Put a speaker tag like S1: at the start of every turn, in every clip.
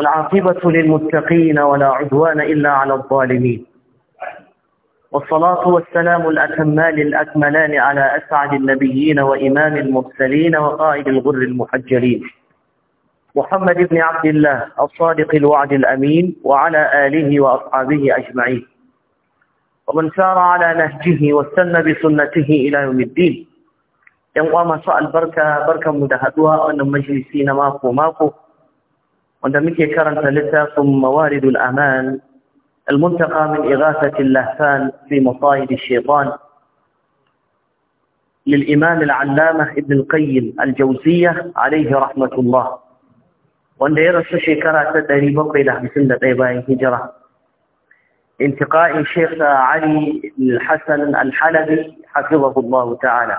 S1: والعاقبة للمتقين ولا عدوان إلا على الظالمين والصلاة والسلام الأكمال الأكملان على أسعد النبيين وإمام المرسلين وقائد الغر المحجرين محمد بن عبد الله الصادق الوعد الأمين وعلى آله وأصحابه أجمعين ومن سار على نهجه واستنى بسنته إلى يوم الدين يوم ما masu بركة بركة mu da المجلسين ماكو ماكو wanda كرن karanta ثم موارد الأمان المنتقى من إغاثة اللهفان في مصائد الشيطان للإمام العلامة ابن القيم الجوزية عليه رحمة الله وندير يرسل شكرا تدري بقي له بسنة طيبان هجرة انتقاء الشيخ علي الحسن الحلبي حفظه الله تعالى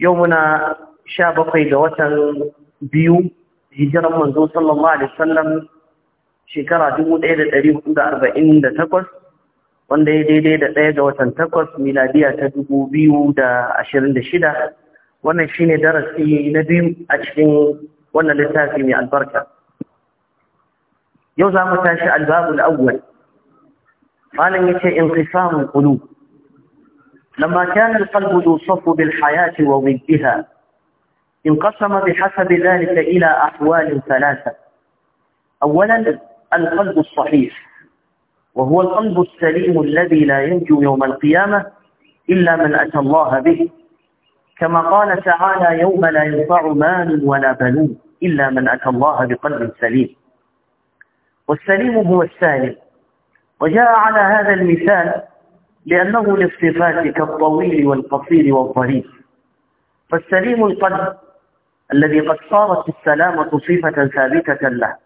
S1: يومنا شاب قيد لوتن بيو hijiran manzo sallallahu alaihi wasallam shekara 1448 wanda ya daidai da ɗaya ga watan takwas miladiya ta 2026 wannan shine darasi na biyu a cikin wannan littafi mai albarka yau za mu tashi albabul awwal malam yace inqisamul qulub lamma kana al-qalbu yusafu bil hayati wa wibbiha انقسم بحسب ذلك إلى أحوال ثلاثة أولا القلب الصحيح وهو القلب السليم الذي لا ينجو يوم القيامة إلا من أتى الله به كما قال تعالى يوم لا ينفع مال ولا بنون إلا من أتى الله بقلب سليم والسليم هو السالم وجاء على هذا المثال لأنه للصفات كالطويل والقصير والظريف فالسليم القلب الذي قد صارت السلامة صفة ثابتة له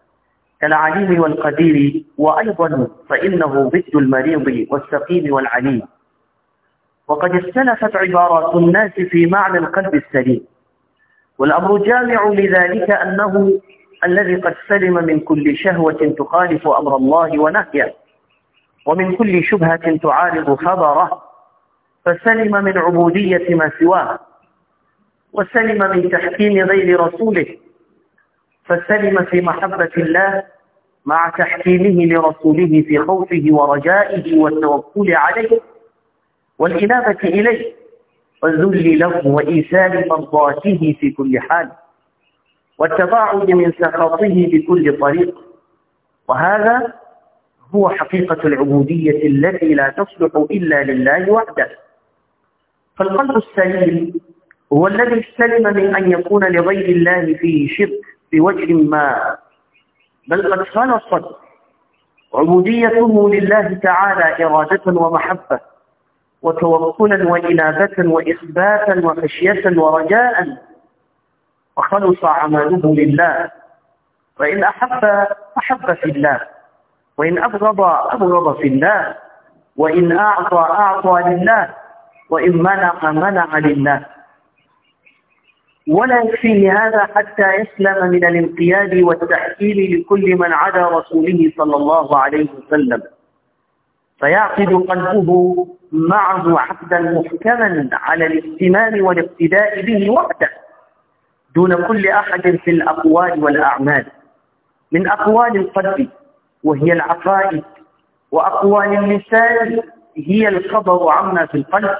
S1: كالعليم والقدير وأيضا فإنه ضد المريض والسقيم والعليم وقد اختلفت عبارات الناس في معنى القلب السليم والأمر جامع لذلك أنه الذي قد سلم من كل شهوة تخالف أمر الله ونهيه ومن كل شبهة تعارض خبره فسلم من عبودية ما سواه وسلم من تحكيم غير رسوله فسلم في محبة الله مع تحكيمه لرسوله في خوفه ورجائه والتوكل عليه والإنابة إليه والذل له وإيثار مرضاته في كل حال والتباعد من سخطه بكل طريق وهذا هو حقيقة العبودية التي لا تصلح إلا لله وحده فالقلب السليم هو الذي استلم من أن يكون لغير الله فيه شرك بوجه ما بل قد خلصت عبوديته لله تعالى إرادة ومحبة وتوكلا وإنابة وإخباتا وخشية ورجاء وخلص عمله لله فإن أحب أحب في الله وإن أبغض أبغض في الله وإن أعطى أعطى لله وإن منع منع لله ولا يكفيه هذا حتى يسلم من الانقياد والتحكيم لكل من عدا رسوله صلى الله عليه وسلم فيعقد قلبه معه عقدا محكما على الاهتمام والاقتداء به وحده دون كل أحد في الأقوال والأعمال من أقوال القلب وهي العقائد وأقوال اللسان هي الخبر عما في القلب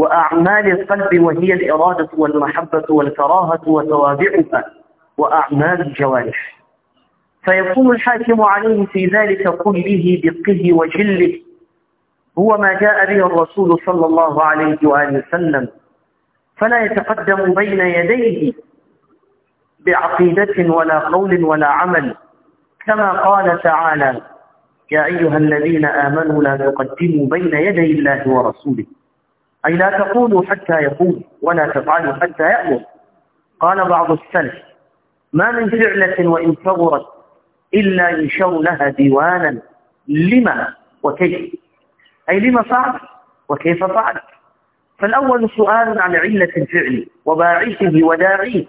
S1: وأعمال القلب وهي الإرادة والمحبة والكراهة وتوابعها وأعمال الجوارح فيكون الحاكم عليه في ذلك كله دقه وجله هو ما جاء به الرسول صلى الله عليه وآله وسلم فلا يتقدم بين يديه بعقيدة ولا قول ولا عمل كما قال تعالى يا أيها الذين آمنوا لا تقدموا بين يدي الله ورسوله أي لا تقولوا حتى يقول ولا تفعلوا حتى يأمر قال بعض السلف ما من فعلة وإن كبرت إلا ينشر لها ديوانا لما وكيف أي لما فعل وكيف فعل فالأول سؤال عن علة الفعل وباعثه وداعيه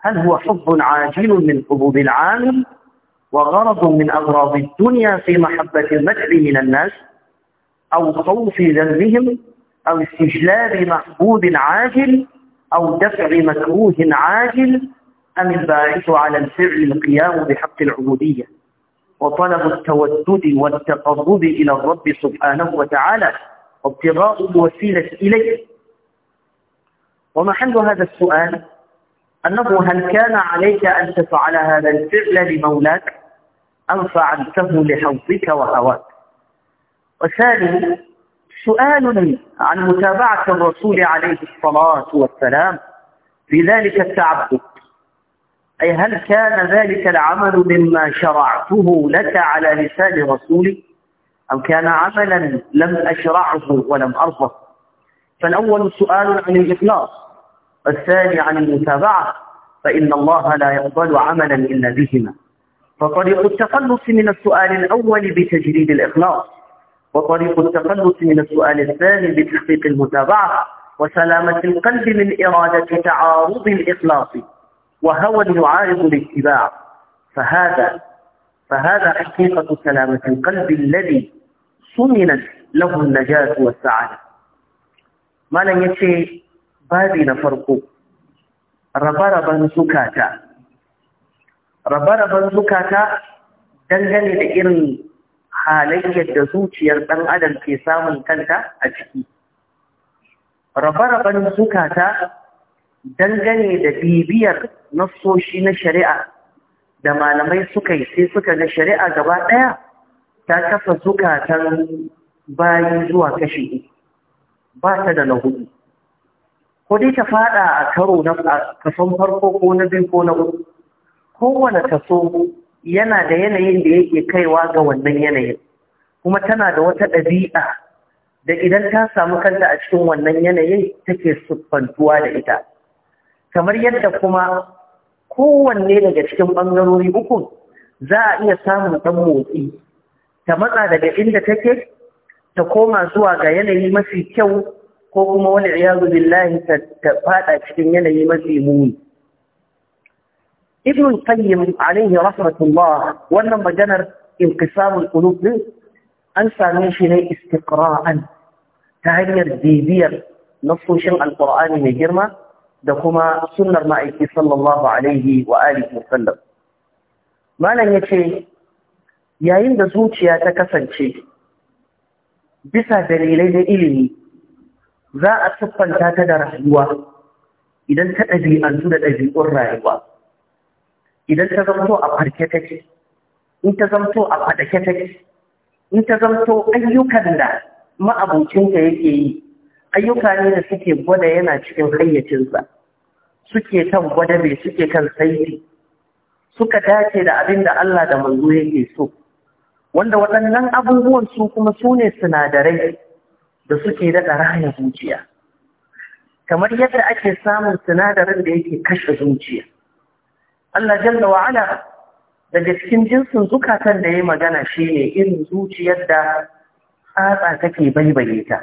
S1: هل هو حب عاجل من حبوب العالم وغرض من أغراض الدنيا في محبة المدح من الناس أو خوف ذنبهم أو استجلاب محبوب عاجل أو دفع مكروه عاجل أم الباعث على الفعل القيام بحق العبودية وطلب التودد والتقرب إلى الرب سبحانه وتعالى وابتغاء الوسيلة إليه ومحل هذا السؤال أنه هل كان عليك أن تفعل هذا الفعل لمولاك أم فعلته لحظك وهواك وثاني سؤال عن متابعة الرسول عليه الصلاة والسلام في ذلك التعبد أي هل كان ذلك العمل مما شرعته لك على لسان رسولي أم كان عملا لم أشرعه ولم أرضه فالأول سؤال عن الإخلاص والثاني عن المتابعة فإن الله لا يقبل عملا إلا بهما فطريق التخلص من السؤال الأول بتجريد الإخلاص وطريق التخلص من السؤال الثاني بتحقيق المتابعة وسلامة القلب من إرادة تعارض الإخلاص وهوى يعارض الاتباع فهذا فهذا حقيقة سلامة القلب الذي سمنت له النجاة والسعادة ما لن يتشي بابنا فرق farko زكاتا raben zukata rabe-raben zukata halayyar da zuciyar ɗan adam ke samun kanta a ciki rabe-raben zukata dangane da bibiyar nassoshi na shari'a da malamai suka yi sai suka ga shari'a gaba ɗaya ta kafa zukatan bayi zuwa kashi ba ta da lahudu hudu ko dai ta fada a karo na kason farko ko na biyu ko na uku kowane kaso yana da yanayin da yake kaiwa ga wannan yanayin kuma tana da wata ɗabi'a da idan ta samu kanta a cikin wannan yanayin take siffantuwa da ita kamar yadda kuma kowanne daga cikin ɓangarori uku za a iya samun ɗan motsi ta matsa daga inda take ta koma zuwa ga yanayi mafi kyau ko kuma wani iyazu billahi ta faɗa cikin yanayi mafi muni Ibn al-Qayyim alaihi rahmatullah wannan maganar inqisamul qulub din an same shi ne istiqra'an ta hanyar bibiyar nassoshin Alƙur'ani mai girma da kuma sunnar ma'aiki sallallahu alaihi wa alihi wa sallam malam yace yayin da zuciya ta kasance bisa dalilai na ilimi za a siffanta ta da rayuwa idan ta ɗabi'antu da ɗabi'un rayuwa idan ta zamto a farke take in ta zamto a fadake take in ta zamto ayyukan da ma'abucinta yake yi ayyuka ne da suke gwada yana cikin hayyacinsa suke kan gwada bai suke kan saiti suka dace da abin da Allah da manzo yake so wanda waɗannan abubuwan su kuma su ne sinadarai da suke daga rayar zuciya kamar yadda ake samun sinadarin da yake kashe zuciya Allah jalla wa ala daga cikin jinsin zukatan da ya magana shi ne irin zuciyar da tsatsa take baibaye ta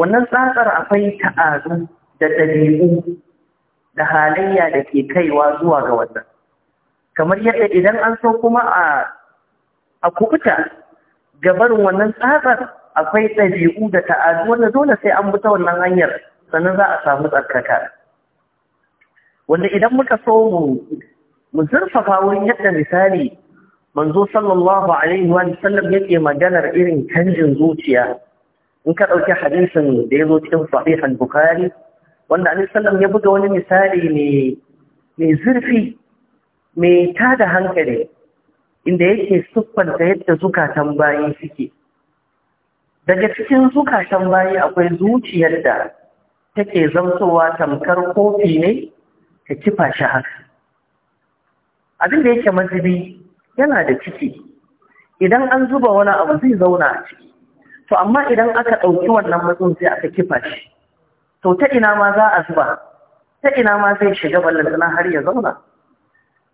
S1: wannan tsatsar akwai ta'azu da ɗabi'u da halayya da ke kaiwa zuwa ga wannan kamar yadda idan an so kuma a a kubuta gabarin wannan tsatsar akwai ɗabi'u da ta'adu wanda dole sai an bi ta wannan hanyar sannan za a samu tsarkaka wanda idan muka so mu mu zurfafa wurin yadda misali manzo sallallahu alaihi wa sallam yake maganar irin canjin zuciya in ka ɗauki hadisin da ya zo cikin sahihan bukari wanda alaihi sallam ya buga wani misali mai zurfi mai tada hankali inda yake siffanta yadda zukatan bayi suke daga cikin zukatan bayi akwai zuciyar da take zamtowa tamkar kofi ne ka kifa shi haka abin da yake mazubi yana da ciki idan an zuba wani abu zai zauna a ciki to amma idan aka ɗauki wannan matsin sai aka kifa shi to ta ina ma za a zuba ta ina ma zai shiga ballantana har ya zauna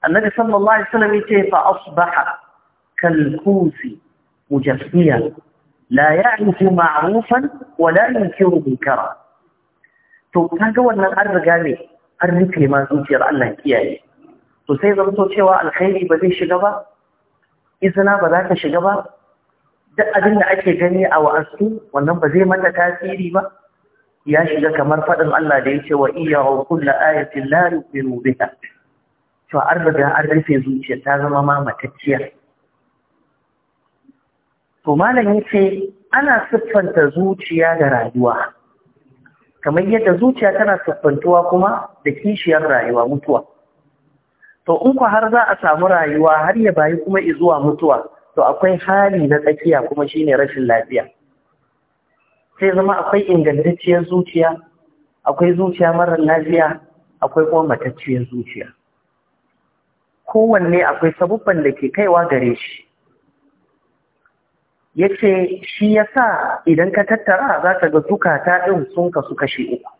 S1: annabi sallallahu alaihi wasallam yace fa asbaha kal kusi mujaffiya la ya'rifu ma'rufan wa la yunkiru munkara to kaga wannan an riga ne an rufe ma zuciyar Allah kiyaye to sai so cewa alkhairi ba zai shiga ba izina ba za ta shiga ba duk abin da ake gani a wa'asku, wannan ba zai mata tasiri ba ya shiga kamar faɗin Allah da ya ce wa iya kulla ayatin la yuqiru biha to an riga an rufe zuciya ta zama ma matacciya to malam yace ana siffanta zuciya da rayuwa kamar yadda zuciya tana siffantuwa kuma da kishiyar rayuwa mutuwa to in ku har za a samu rayuwa har ya bayi kuma zuwa mutuwa to akwai hali na tsakiya kuma shine rashin lafiya sai zama akwai ingantacciyar zuciya akwai zuciya marar lafiya akwai kuma matacciyar zuciya kowanne akwai sabubban da ke kaiwa gare shi ya ce shi ya sa idan ka tattara za ka ga zukata ɗin sun kasu kashe uku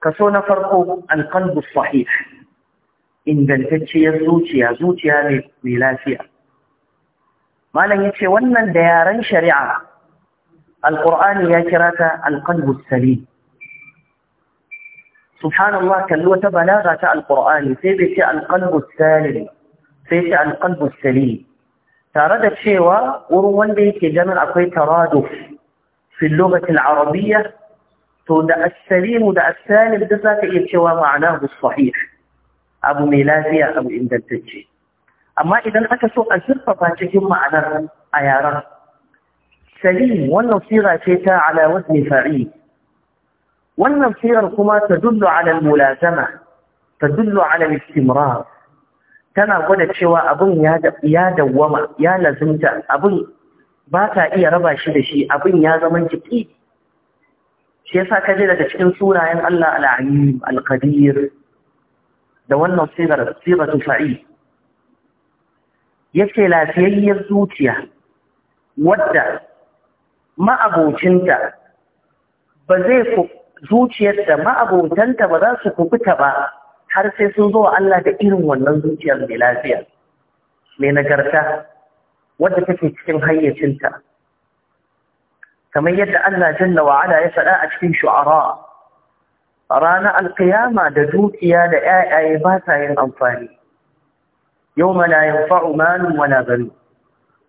S1: kaso na farko alkalbu sahih ingantacciyar zuciya zuciya mai lafiya malam ya ce wannan da yaren shari'a alƙur'ani ya kira ta alkalbu salim subhanallah kalli wata balaga ta alƙur'ani sai bai ce alkalbu salim sai ce alkalbu salim tare da cewa wurin wanda yake ganin akwai taraduf fi lokacin arabiyya to da as-salim da as-salim da zaka iya cewa ma'anahu sahih abu mai lafiya abu ingantacce amma idan aka so a zurfafa cikin ma'anar a yaran salim wannan sira ce ta ala wazni fa'il wannan sirar kuma ta ala al-mulazama ta dullu ala al-istimrar tana gwada cewa abin ya dawwama ya lazimta abin ba ta iya raba shi da shi abin ya zama jiki shi yasa kaje daga cikin sunayen Allah al-Alim al-Qadir da wannan sigar sigatu fa'i yace lafiyayyar zuciya wadda ma'abocinta ba zai ku zuciyar da ma'abotanta ba za su kubuta ba har sai sun zo Allah da irin wannan zuciyar mai lafiya mai nagarta wadda take cikin hayyacinta kamar yadda Allah jalla wa ala ya faɗa a cikin shu'ara ranar alkiyama da dukiya da ƴaƴaye ba ta yin amfani yawma la yanfa'u malun wala banu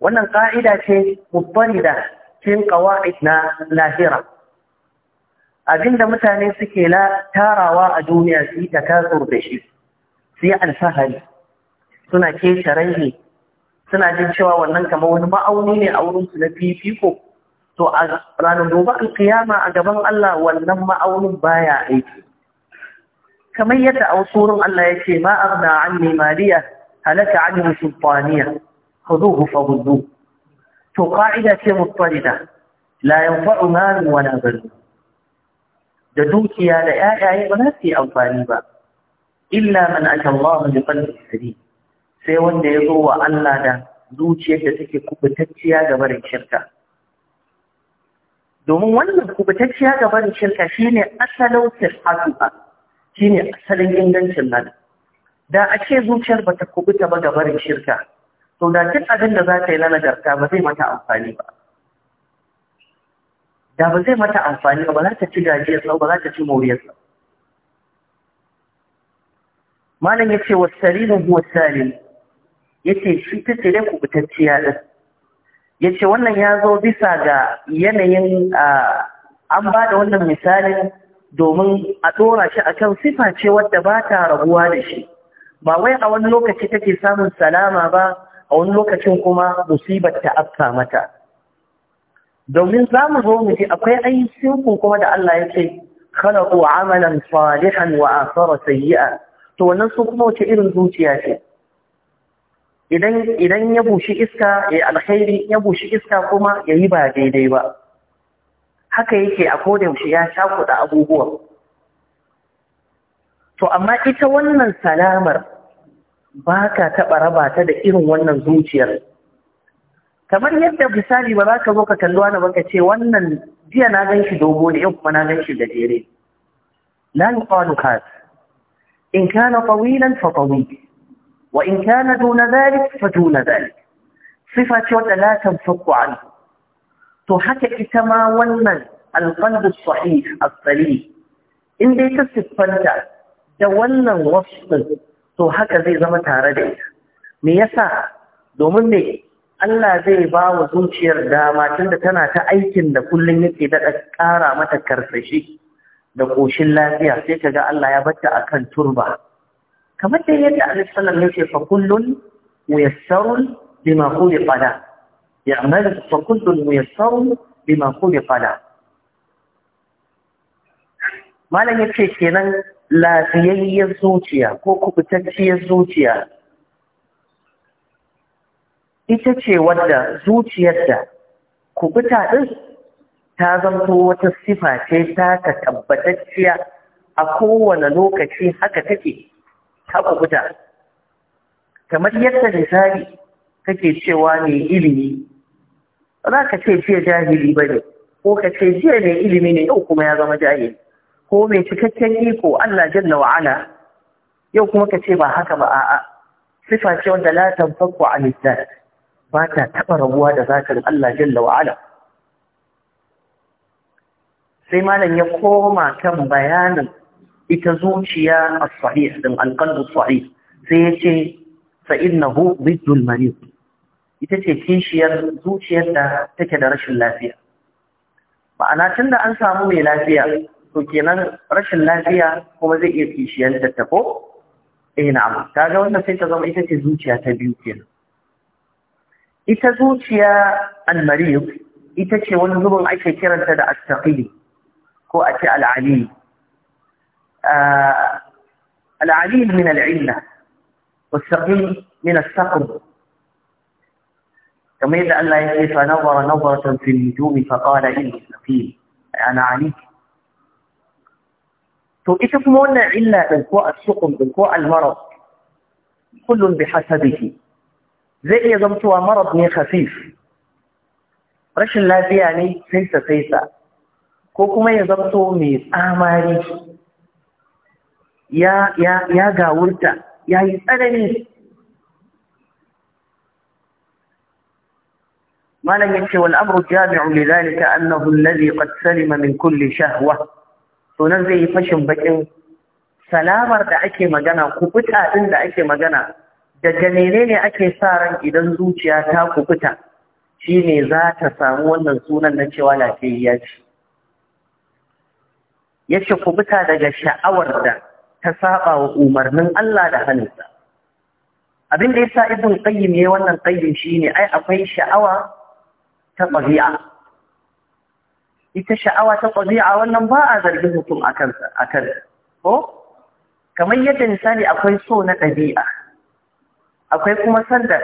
S1: wannan ka'ida ce mubbalida cikin qawaid na lahira abinda mutane suke la tarawa a duniya su yi takasur da shi su yi alfahari suna ke sharai suna jin cewa wannan kamar wani ma'auni ne a wurin su na fifiko to a ranar gobe alkiyama a gaban Allah wannan ma'aunin baya aiki kamar yadda a wurin Allah ya ce ma abna anni maliya halaka anni sultaniya khuduhu faghuddu to qa'ida ce mutarida la yanfa'u mal wani banun da dukiya da ƴaƴaye ba za su yi amfani ba illa man ata Allah bi qalbin isiri, sai wanda ya zo wa Allah da zuciyar da take kubutacciya ga barin shirka domin wannan kubutacciya ga barin shirka shine asalin shi shine asalin ingancin nan da a ce zuciyar bata kubuta ba ga barin shirka to da cin abin da za ta yi na nagarta ba zai mata amfani ba da ba zai mata amfani ba za ta ci gajiyarsa ba za ta ci moriyarsa malam ya ce wa salimin huwa salim ya ce shi ta ce dai kubutacciya ɗin ya ce wannan ya zo bisa ga yanayin an ba da wannan misalin domin a ɗora shi a kan sifa ce wadda ba ta rabuwa da shi ba wai a wani lokaci take samun salama ba a wani lokacin kuma musibar ta afka mata domin za mu zo mu ji akwai ayyukan kuma da Allah ya ce khalaqu amalan salihan wa asara sayyi'a to wannan su kuma wace irin zuciya ce idan idan ya bushi iska ya alkhairi ya bushi iska kuma ya yi ba daidai ba haka yake a koda yaushe ya da abubuwa to amma ita wannan salamar ba ka taɓa raba ta da irin wannan zuciyar kamar yadda misali ba za ka zo ka kalli wani ba ka ce wannan jiya na gan shi dogo ne yau kuma na gan shi gajere la yuqalu khas in kana tawilan fa tawil wa in kana duna dhalik fa duna dhalik sifa ce wadda la tanfaku an to haka ita ma wannan alqalbu sahih as-salim in dai ta siffanta da wannan wasfin to haka zai zama tare da ita me yasa domin me Allah zai ba wa zuciyar dama da tana ta aikin da kullum yake daɗa ƙara mata karsashi da ƙoshin lafiya sai ka ga Allah ya bata a kan turba. Kamar da yadda Alaihi Sallam ya fa kullun muyassarun bima fada. Ya amal fa kullun muyassarun kuli fada. Malam ya ce kenan lafiyayyen zuciya ko kubutacciyar zuciya ita ce wadda zuciyarta kubuta ɗin ta zanto wata sifa ce ta ka tabbatacciya a kowane lokaci haka take ta kubuta kamar yadda misali kake cewa ne ilimi za ka ce jiya jahili ba ne ko ka ce jiya ne ilimi ne yau kuma ya zama jahili ko mai cikakken iko Allah jalla wa ala yau kuma ka ce ba haka ba a'a sifa ce wanda la tanfaku ba ta taɓa rabuwa da zakarin Allah jalla wa'ala. Sai malam ya koma kan bayanin ita zuciya a sahih din alƙalbu sahih sai ya ce fa'innahu biddul marid ita ce kishiyar zuciyar da take da rashin lafiya. Ma'ana tun da an samu mai lafiya, to kenan rashin lafiya kuma zai iya kishiyar da ta ko? Eh na'am, ta ga wannan sai ta zama ita ce zuciya ta biyu kenan. ita zuciya al-mariyu ita ce wani zubin ake kiranta da astaqili ko a ce al-ali al-ali min al-illa والثقيل من الثقب كما يدعى الله يقول فنظر نظرة في النجوم فقال إني ثقيل أنا عليك to ita kuma wannan illa ɗin ko a sukun ɗin ko almarar kullum bi hasabihi zai iya zamtowa marad ne khafif rashin lafiya ne saisa saisa ko kuma ya zamto mai tsamari ya ya ya gawurta ya yi tsanani malam yace wal amru jami'u li dhalika annahu alladhi qad salima min kulli shahwa to zai yi fashin bakin salamar da ake magana kubuta din da ake magana daga menene ake sa ran idan zuciya ta kubuta shi ne za ta samu wannan sunan na cewa lafiyayya ce ya ce kubuta daga sha'awar da ta saba wa umarnin Allah da hannunsa abin da ya sa ibn qayyim yayi wannan qayyim shine ai akwai sha'awa ta tabi'a ita sha'awa ta tabi'a wannan ba a zargin mutum akan akan ko kamar yadda misali akwai so na ɗabi'a akwai kuma sanda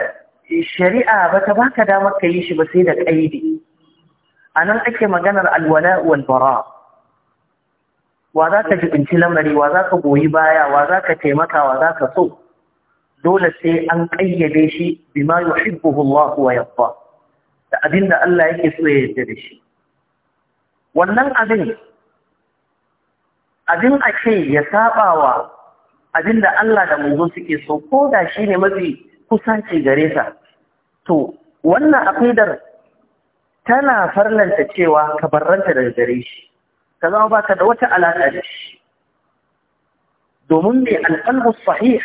S1: shari'a ba ta baka damar ka yi shi ba sai da ƙaidi a nan ake maganar alwala wal bara wa za ka jibinci lamari wa za ka goyi baya wa za ka taimaka wa za ka so dole sai an ƙayyade shi bima yuhibbuhu Allah wa da abin da Allah yake so ya yarda da shi wannan abin abin ake ya saba wa Abin da Allah da manzo suke so ko da shi ne mafi kusanci gare sa to wannan aqidar tana farlanta cewa ka barranta daga gare shi ka zama baka da wata alaka da shi domin mai alƙalbu sahih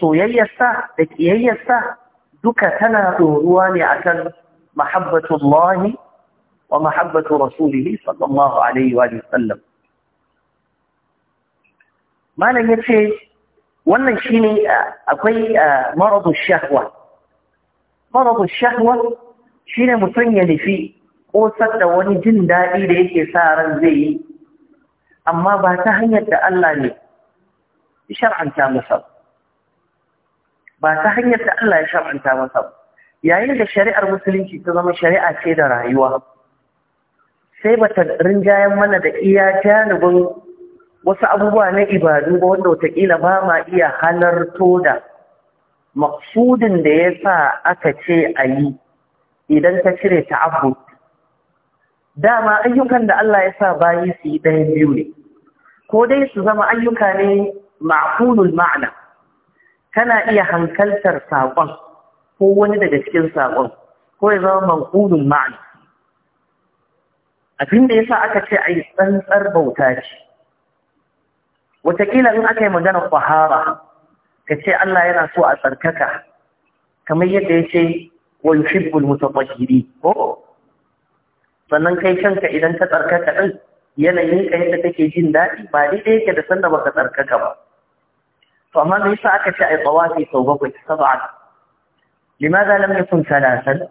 S1: soyayyarsa da ƙiyayyarsa duka tana ɗoruwa ne akan mahabbatullahi wa mahabbatu rasulihi sallallahu alaihi wa sallam malam ya ce wannan shi ne akwai maradun shahwa maradun shahwa shi ne mutum ya nufi ƙosar da wani jin daɗi da yake sa ran zai yi amma ba ta hanyar da Allah ne shar'anta masa ba ta hanyar da Allah ya shar'anta masa yayin da shari'ar musulunci ta zama shari'a ce da rayuwa sai ba ta rinjayen mana da iya janibin wasu abubuwa na ibadu ba wanda watakila ba ma iya halarto da maksudin da ya sa aka ce a yi idan ta cire ta abu dama ayyukan da Allah ya sa bayi su yi ɗaya biyu ne ko dai su zama ayyuka ne ma'qulul ma'ana kana iya hankaltar saƙon ko wani daga cikin saƙon ko ya zama manqulul ma'ana abin da sa aka ce a yi tsantsar bauta ce wataƙila in aka yi maganar fahara ka ce Allah yana so a tsarkaka kamar yadda ya ce wa yuhibbul mutatahhiri ko oh. sannan kai kanka idan ka tsarkaka din yanayin ka yadda take jin daɗi ba daidai yake da sanda baka tsarkaka ba to amma me yasa aka ce ai tsawafi sau bakwai saba'a. Limaza lam yakun thalathan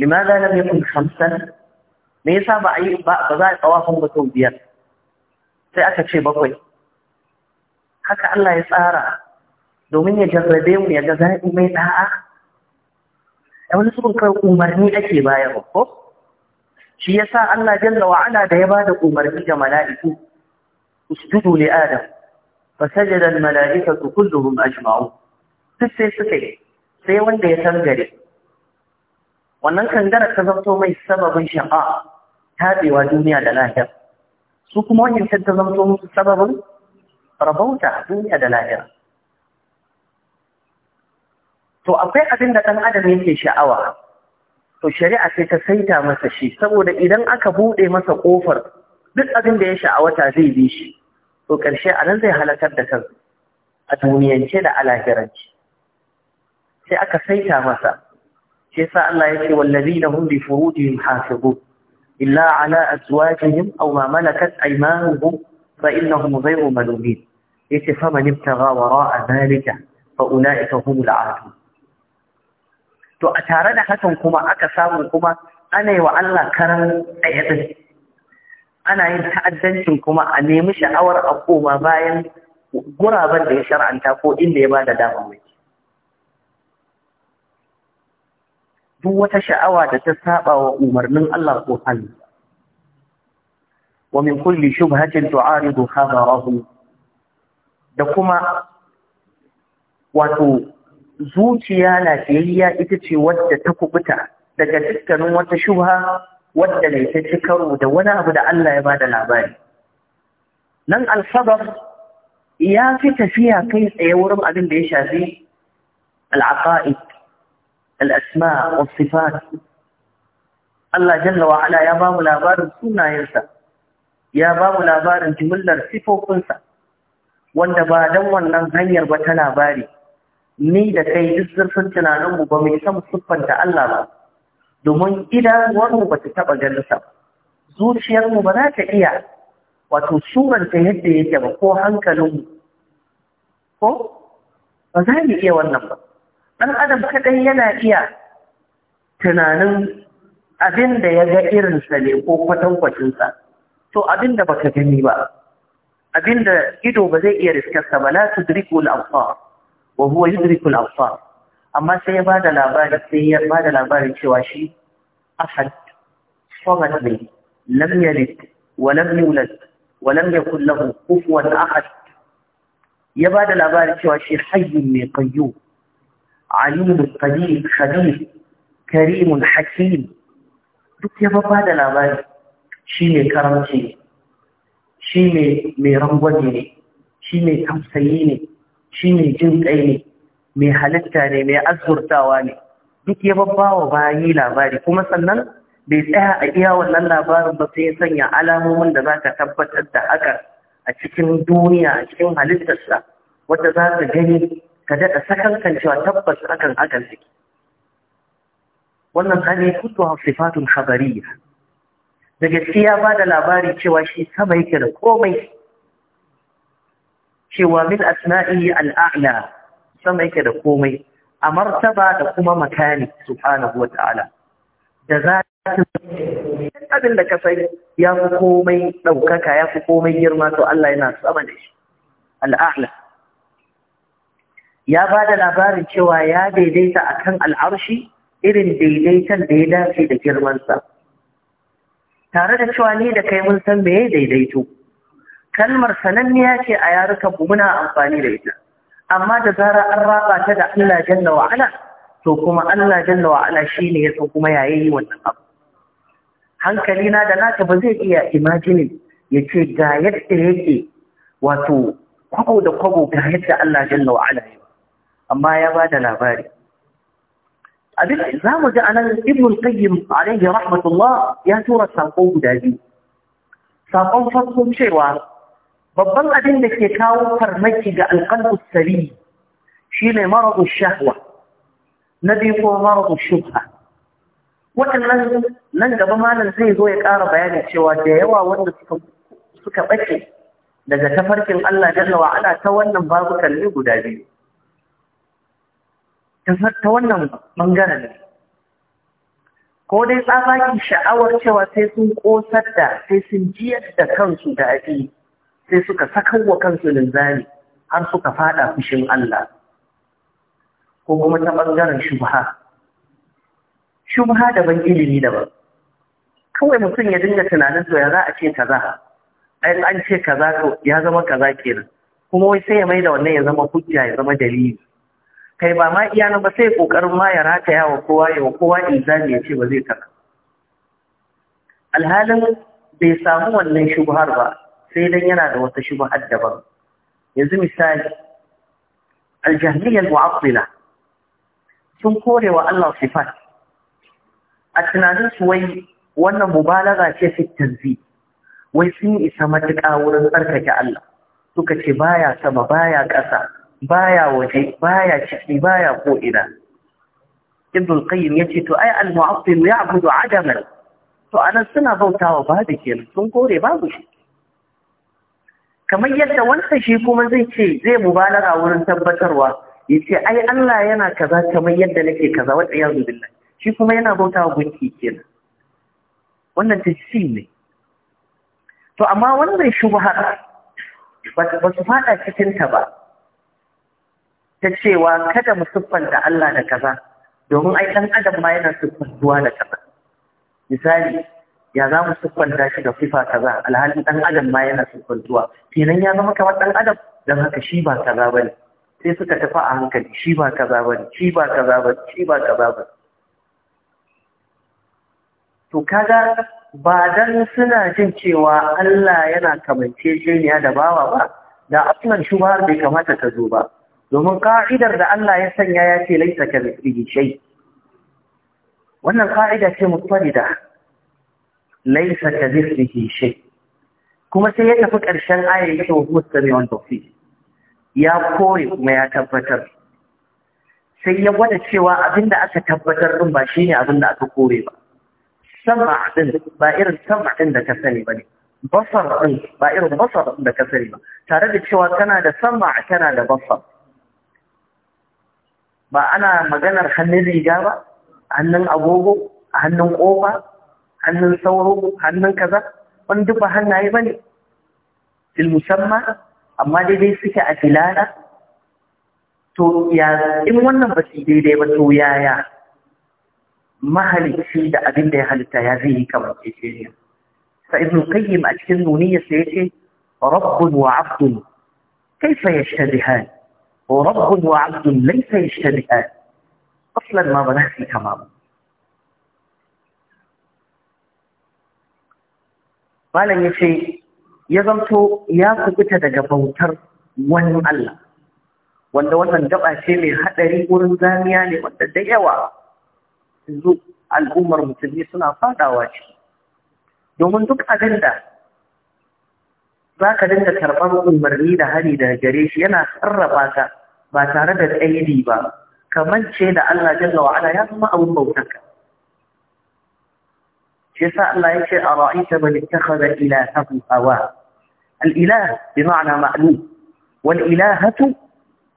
S1: Limaza lam yakun khamsan me yasa ba ai ba za a tsawafin ba sau biyar sai aka ce bakwai haka Allah ya tsara domin ya jarrabe mu ya ga zaɓi mai ɗa'a a wani sukun kai umarni ake bayar ko shi ya sa Allah jalla wa'ala da ya ba da umarni ga mala'iku usjudu li adam sajada al-mala'ikatu kulluhum ajma'u. duk sai suka yi sai wanda ya tangare wannan kangara ta zamto mai sababin sha'a tabewa duniya da lahiyar su kuma wannan ta zamto musu sababin rabauta duniya da lahira to akwai abin da ɗan adam yake sha'awa to shari'a sai ta saita masa shi saboda idan aka buɗe masa ƙofar duk abin da ya sha'awata zai bi shi to ƙarshe a nan zai halakar da kansa a duniyance da a lahiranci sai aka saita masa shi sa Allah ya ce wallazi na bi furujihim hafizun illa ala azwajihim aw ma malakat aymanuhum fa innahum ghayru malumin yace faman ibtaga wara'a zalika fa ulaika humul aadu to a tare da hakan kuma aka samu kuma ana wa Allah karan tsaye ana yin ta'addanci kuma a nemi sha'awar a koma bayan guraben da ya shar'anta ko inda ya ba da damar mai duk wata sha'awa da ta saba wa umarnin Allah ko hannu wa min kulli da kuma wato zuciya lafiyayya ita ce wadda ta kubuta daga dukkanin wata shubha wadda ne ta ci karo da wani abu da Allah ya bada labari nan alfabar ya fi tafiya kai tsaye wurin abin da ya shafi al'aqaid al'asma wa sifat Allah jalla wa ala ya ba mu labarin sunayensa ya ba mu labarin jimillar sifofinsa wanda ba dan wannan hanyar ba ta labari ni da kai duk zurfin tunaninmu ba mai san siffanta Allah ba domin idanuwarmu ba ta taɓa ganinsa Zuciyar zuciyarmu ba za ta iya wato suranta yadda yake ba ko hankalinmu ko ba za mu iya wannan ba ɗan adam kaɗai yana iya tunanin abin da ya ga irinsa ne ko kwatankwacinsa to abin da baka gani ba Abin da ido ba zai iya riskarsa ba la tudriku al-absar wa huwa yudriku al-absar amma sai ya ba da labari sai ya ba da labarin cewa shi ahad samad ne lam yalid wa lam yulad wa lam yakul lahu kufuwan ahad ya ba da labarin cewa shi hayyun mai qayyum alimun qadir khabir karimun hakim duk ya bada labari shi ne karamci shi ne mai rangwaje ne shi ne tamsayi ne shi ne jin kai ne mai halitta ne mai azurtawa ne duk ya babba wa bayi labari kuma sannan bai tsaya a iya wannan labarin ba sai ya sanya alamomin da za ka tabbatar da haka a cikin duniya a cikin halittarsa wadda za ka gani ka daɗa sakankan cewa tabbas akan akan ciki wannan hali kutuwa sifatun habariya da gaskiya ba da labari cewa shi sama yake da komai cewa min asma'i al'a'la sama yake da komai a martaba da kuma makani subhanahu ta'ala da za abin da ka sani ya fi komai ɗaukaka ya fi komai girma to Allah yana sama da shi al'a'la ya ba da labarin cewa ya daidaita akan al'arshi irin daidaitan da ya dace da girmansa tare da cewa ni da kai mun san me ya daidaito kalmar sananniya ce a yarukan mu muna amfani da ita amma da zara an raba ta da Allah jalla wa ala to kuma Allah jalla wa ala shine ya san kuma yayi wannan abu hankali na da naka ba zai iya imagine ya ce ga yadda yake wato kwabo da kwabo ga yadda Allah jalla wa ala amma ya ba da labari abin za mu ji anan ibn qayyim Alayhi rahmatullah ya tura sako guda biyu sakon farko cewa babban abin da ke kawo farmaki ga alqalbu sari shine maradu shahwa na biyu ko maradu shubha waɗannan nan gaba malam zai zo ya ƙara bayani cewa da yawa wanda suka suka ɓace daga tafarkin Allah jalla wa ala ta wannan babu kalli guda biyu ta wannan bangaren ne ko dai tsabaki sha'awar cewa sai sun ƙosar da sai sun jiyar da kansu da ake sai suka sakar wa kansu linzami har suka fada fushin Allah ko kuma ta bangaren shubha shubha daban ilimi daban kawai mutum ya dinga tunanin to ya za a ce kaza ai an ce kaza to ya zama kaza kenan kuma wai sai ya mai da wannan ya zama hujja ya zama dalili kai ba ma iya ba sai kokarin ma ya rataya wa kowa ya wa kowa ilzami ya ce ba zai taka. alhalin bai samu wannan shubhar ba sai dan yana da wata shubhar daban yanzu misali aljahmiyyah mu'attila sun kore wa Allah sifat a tunanin su wai wannan mubalaga ce fi tanzi wai sun isa matuƙa wurin tsarkake Allah suka ce baya sama baya ƙasa baya waje baya ciki baya ko ina ibnu al-qayyim yace to ai al-mu'attil ya'budu adama to anan suna bautawa ba da kenan sun kore babu shi kamar yadda wanda shi kuma zai ce zai mubalaga wurin tabbatarwa yace ai Allah yana kaza kamar yadda nake kaza wa yanzu billahi shi kuma yana bautawa gunki kenan wannan shi ne to amma wannan shubha ba su fada cikin ta ba ta cewa kada mu siffanta Allah da kaza domin ai ɗan adam ma yana siffantuwa da kaza misali ya za mu siffanta shi da sifa kaza alhalin ɗan adam ma yana siffantuwa kenan ya zama kamar ɗan adam don haka shi ba kaza ba ne sai suka tafi a hankali shi ba kaza ba ne shi ba kaza ba ne shi ba kaza ba ne to kaga ba dan suna jin cewa Allah yana kamance ne da bawa ba da asman shubar bai kamata ta zo ba domin ƙa'idar da Allah ya sanya ya ce laisa ka mithlihi shay wannan ƙa'ida ce mutfarida laisa ka mithlihi shay kuma sai ya tafi ƙarshen ayar ya tafi mustami'un tawfiq ya kore kuma ya tabbatar sai ya gwada cewa abinda aka tabbatar din ba shine abinda aka kore ba sama din ba irin sama din da ka sani ba ne basar din ba irin basar din da ka sani ba tare da cewa tana da sama kana da basar ba ana maganar hannun riga ba hannun agogo hannun ƙofa, hannun sauro hannun kaza wani duk ba hannaye ba ne fil musamman amma daidai suke a filana to ya in wannan ba su daidai ba to yaya mahalicci da abin da ya halitta ya zai yi kamar kekeniya sa ibn qayyim a cikin sai yace rabbun wa abdun kaifa yashtabihan ورب وعبد ليس يجتمعان اصلا ما بنحكي تماما malam ya ce ya zamto ya kubuta daga bautar wani Allah wanda wannan gaba ce mai haɗari wurin zamiya ne wanda da yawa yanzu al'ummar musulmi suna faɗawa ce domin duk abin da za ka dinga karɓar umarni da hari daga gare shi yana sarrafa ka ba tare da tsaidi ba kamar ce da Allah jalla wa ala ya zama abin bautarka shi yasa Allah ya ce a ra'aita man ittakhadha ilahahu hawa al-ilah bi ma'na ma'lum wal ilahatu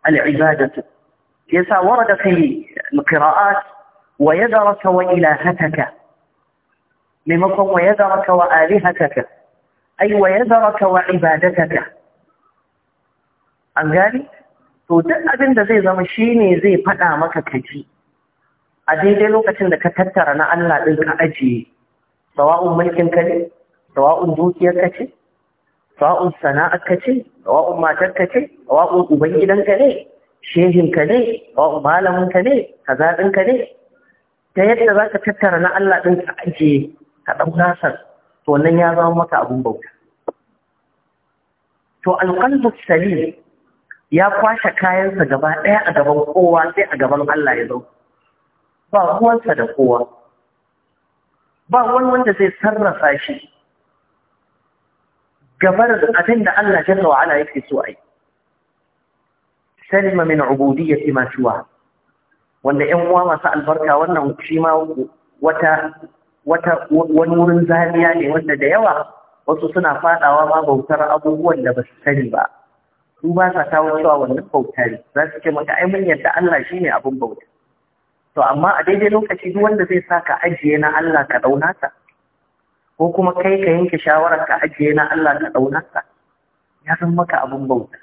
S1: al-ibadatu يسا ورد في القراءات ويدرك وإلهتك لمكم ويدرك وآلهتك أي ويدرك وعبادتك أنجاني to duk abin da zai zama shi ne zai faɗa maka kaji a daidai lokacin da ka tattara na Allah ɗin ka ajiye sawa'un mulkin ka ne sawa'un dukiyar ka ce sawa'un sana'ar ka ce sawa'un matar ka ce sawa'un uban gidan ka ne shehin ka ne sawa'un malamin ka ne kaza ka ne ta yadda za ka tattara na Allah ɗin ka ajiye ka ɗan nasar, to nan ya zama maka abin bauta to alƙalbu salim ya kwashe kayansa gaba ɗaya a gaban kowa sai a gaban Allah ya zo ba ruwansa da kowa ba wani wanda zai sarrafa shi gabar abin da Allah jalla wa ala yake so ai salima min ubudiyyati ma siwa wanda 'yan uwa masu albarka wannan shi ma wata wata wani wurin zaniya ne wanda da yawa wasu suna fadawa ma bautar abubuwan da ba su sani ba su ba sa kawo cewa wannan bauta za su ce maka ai mun yadda Allah shine abin bauta to amma a daidai lokaci duk wanda zai sa ka ajiye na Allah ka dauna ta ko kuma kai ka yanke shawarar ka ajiye na Allah ka dauna ta ya san maka abin bauta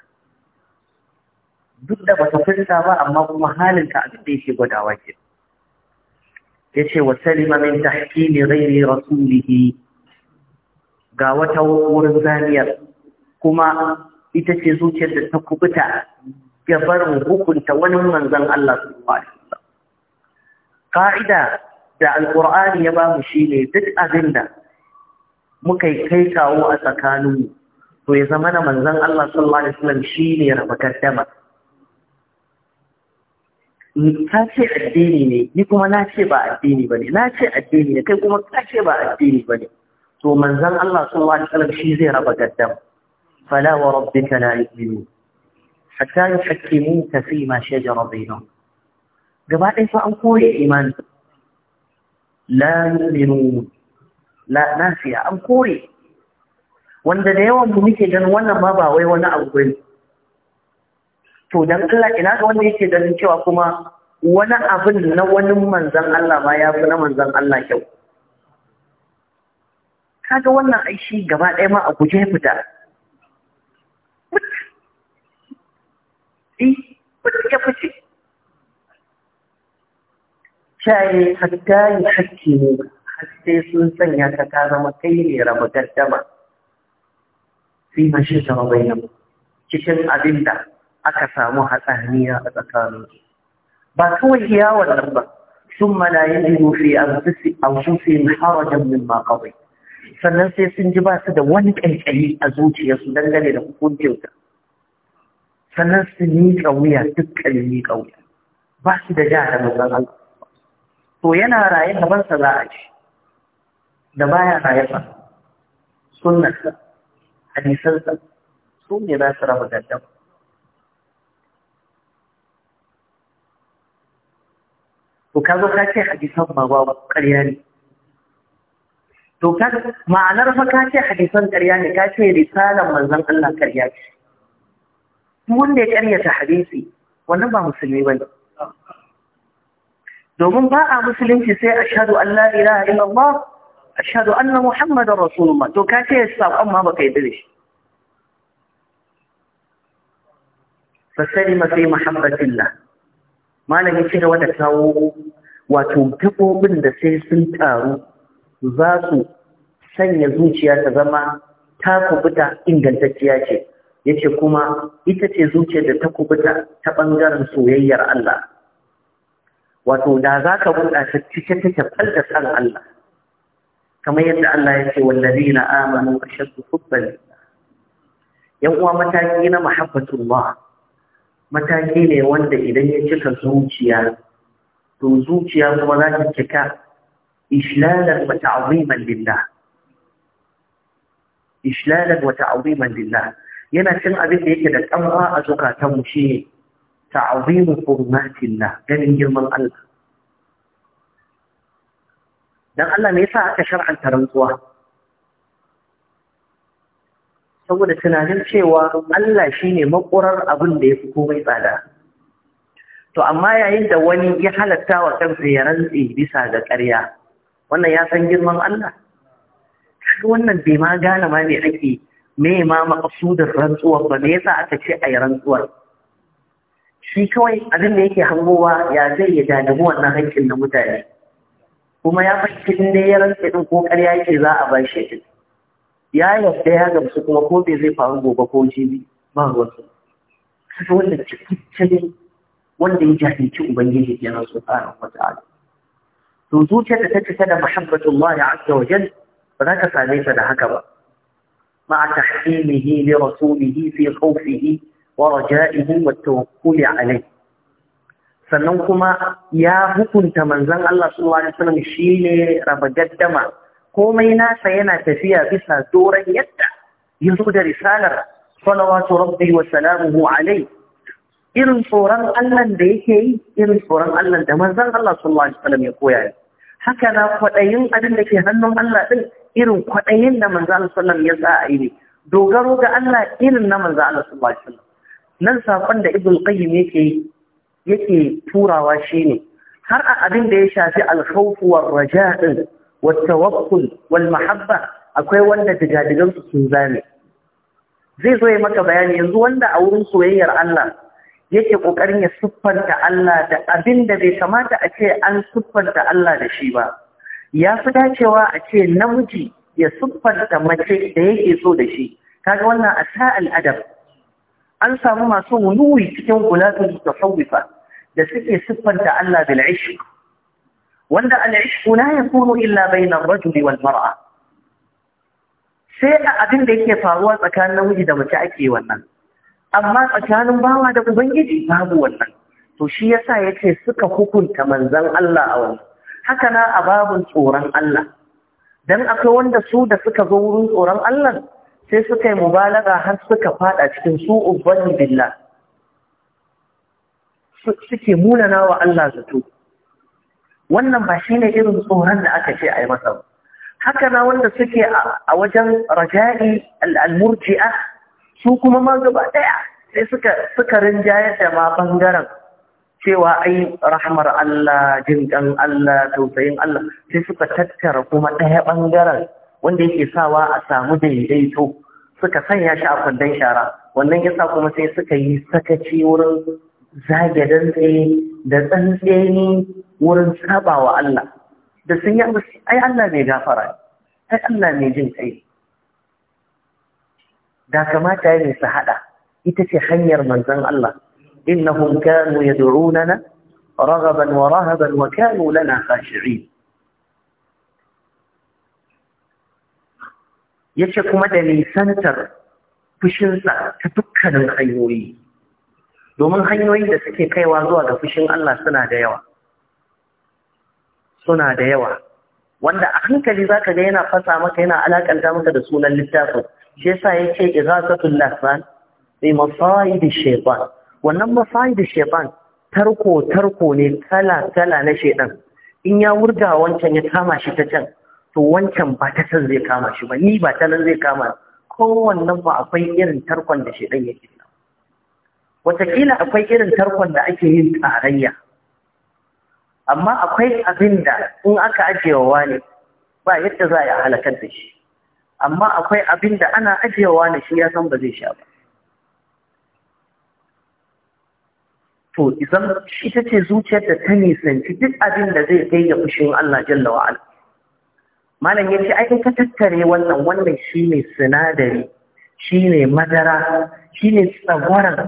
S1: duk da baka fita ba amma kuma halin ka abin da yake gwadawa ke yace wa salima min tahkimi ghairi rasulihi ga wata wurin zaniyar kuma ita ce zuciyar da ta kubuta ga barin hukunta wani manzon Allah su alaihi ka'ida da alqur'ani ya ba mu ne duk abin da muka yi kai kawo a tsakaninmu to ya zama na manzon Allah sallallahu alaihi wasallam shine raba kaddama ka ce addini ne ni kuma na ce ba addini ba ne, na ce addini ne kai kuma ka ce ba addini ba ne. to manzon Allah sallallahu alaihi wasallam shi zai raba gaddama فلا وربك لا يؤمنون حتى يحكموك فيما شجر بينهم قبائل فأنقول إيمان لا يؤمنون لا نافية أنقول wanda da yawan mu muke ganin wannan ma ba wani abu to dan Allah ina ga wanda yake ganin cewa kuma wani abin na wani manzon Allah ma ya fi kaga wannan aishi gaba ɗaya ma a guje fita ya fice shaye hatta yi hakki ne har sai sun sanya ka ta zama kai ne raba gaddama fi mashi sama bayan cikin abin da aka samu hatsaniya a tsakanin ba kawai yawon nan ba sun mana a zafi fi anfusihim harajan ma kawai sannan sai sun ji ba su da wani kankani a zuciyarsu dangane da hukuncinsa فنفس ميك قوية تبكى الميك قوية بس ده جاهل مزال الله وينا رأيه بس داعش ده بايا رأيه سنة حديثة سنة بس رب جدو وكذا كانت حديثة ما بابا قرياني تو كذا معنى رفا كاكي حديثة قرياني كاكي رسالة مزال الله قرياني wanda ya karyata hadisi wannan ba musulmi ba ne domin ba a musulunci sai a shaɗu Allah ila ba, a shaɗu na Muhammadun Rasulunma, to ka ce ya saƙon ma ba ka yi dire shi fasari mafi mahabbatillah malamin shiga wata da kawo wato gaɓoɓin da sai sun taru za su sanya zuciya ta zama ta kubuta ingantacciya ce yace kuma ita ce zuciyar da ta kubuta ta bangaren soyayyar Allah wato da zaka buɗa ta cike take falda san Allah kamar yadda Allah ya ce wallazina amanu ashaddu hubban yan uwa mataki na mahabbatullah mataki ne wanda idan ya cika zuciya to zuciya kuma za ta cika ishlalan wa ta'ziman lillah ishlalan wa ta'ziman lillah yana cin abin da yake da kanwa a zukatanmu shi ne ta'azimu hurmatillah ganin girman Allah dan Allah me yasa aka shar'anta rantsuwa saboda tunanin cewa Allah shine makurar abin da yafi komai tsada to amma yayin da wani ya halatta wa kansa ya rantsi bisa ga ƙarya wannan ya san girman Allah kaga wannan bai ma gane ma me ake me ma maqsudin rantsuwar ba me yasa aka ce ayi rantsuwar shi kawai abin da yake hangowa ya zai ya dadabu wannan haƙƙin na mutane kuma ya fahimci din dai ya rantsa din ko ƙarya yake za a bashi shi. ya yarda ya gamsu kuma ko bai zai faru gobe ko jibi ba ruwansu su wanda cikakken wanda ya jahilci ubangiji kenan a wata ala. to zuciyar da ta cika da muhabbatullah azza wa wajen? ba za ka same ta da haka ba مع تحكيمه لرسوله في خوفه ورجائه والتوكل عليه sannan kuma ya hukunta manzon Allah sallallahu alaihi wasallam shine raba gaddama komai nasa yana tafiya bisa doron yadda ya zo da risalar salawatu rabbi wa salamuhu alai irin tsoron Allah da yake yi irin tsoron Allah da manzon Allah sallallahu alaihi wasallam ya koya haka na kwaɗayin abin da ke hannun Allah ɗin irin kwaɗayin da manzo Allah sallallahu ya sa a yi dogaro ga Allah irin na manzo Allah sallallahu alaihi wasallam nan sakon da Ibn Qayyim yake yake turawa shine har a abin da ya shafi al-khawf raja ɗin, wa tawakkul wal mahabba akwai wanda digadigan su sun zame zai zo ya maka bayani yanzu wanda a wurin soyayyar Allah yake kokarin ya siffanta Allah da abin da bai kamata a ce an siffanta Allah da shi ba ya fi dacewa a ce namiji ya siffanta mace da yake so da shi kaga wannan a ta al'adab an samu masu wuluwi cikin gulatun tasawwifa da suke siffanta Allah bil ishq wanda al ishq la yakunu illa bayna ar-rajul wal mar'a sai a abin da yake faruwa tsakanin namiji da mace ake wannan amma tsakanin bawa da ubangiji babu wannan to shi yasa ce suka hukunta manzon Allah a wannan haka na a babin tsoron Allah dan akwai wanda su da suka zo wurin tsoron Allah sai suka yi mubalaga har suka fada cikin su bani billah suke munana wa Allah zato wannan ba shine irin tsoron da aka ce a yi masa ba haka na wanda suke a wajen raja'i al-murji'a su kuma ma gaba ɗaya sai suka suka da ma ɓangaren. cewa ai rahmar Allah jin kan Allah tausayin Allah sai suka tattara kuma ɗaya ɓangaren wanda yake sawa a samu daidaito suka sanya shi a kwandon shara wannan yasa kuma sai suka yi sakaci wurin zage dantse da tsantseni wurin saba wa Allah da sun yi ai Allah mai gafara ai Allah mai jin kai da kamata ya su hada, ita ce hanyar manzon Allah إنهم كانوا يدعوننا رغبا ورهبا وكانوا لنا خاشعين يشك مدني سنتر فشن سا تفكر الخيوي دومن خيوي دا سكي كي وازوا دا فشن الله سنة ديوة سنة ديوة wanda أخيك لذاك دينا ka ga yana fasa maka yana شيء da maka da sunan littafin الشيطان wannan da shaitan tarko tarko ne kala kala na shaitan in ya wurga wancan ya kama shi ta can to wancan ba ta san zai kama shi ba ni ba ta nan zai kama kowannen ba akwai irin tarkon da shaitan yake Wataƙila akwai irin tarkon da ake yin tarayya amma akwai abin da in aka ajiyewa ne ba yadda za a halakar da shi amma akwai abin da ana ajiyewa ne shi ya san ba zai sha ba to idan ita ce zuciyar da ta nisanci duk abin da zai kai ga fushin Allah jalla wa ala malam ya ce ai ka tattare wannan wannan shine sinadari shine madara shine tsagwaran